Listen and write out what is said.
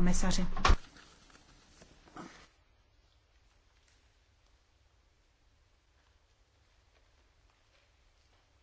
komisaři.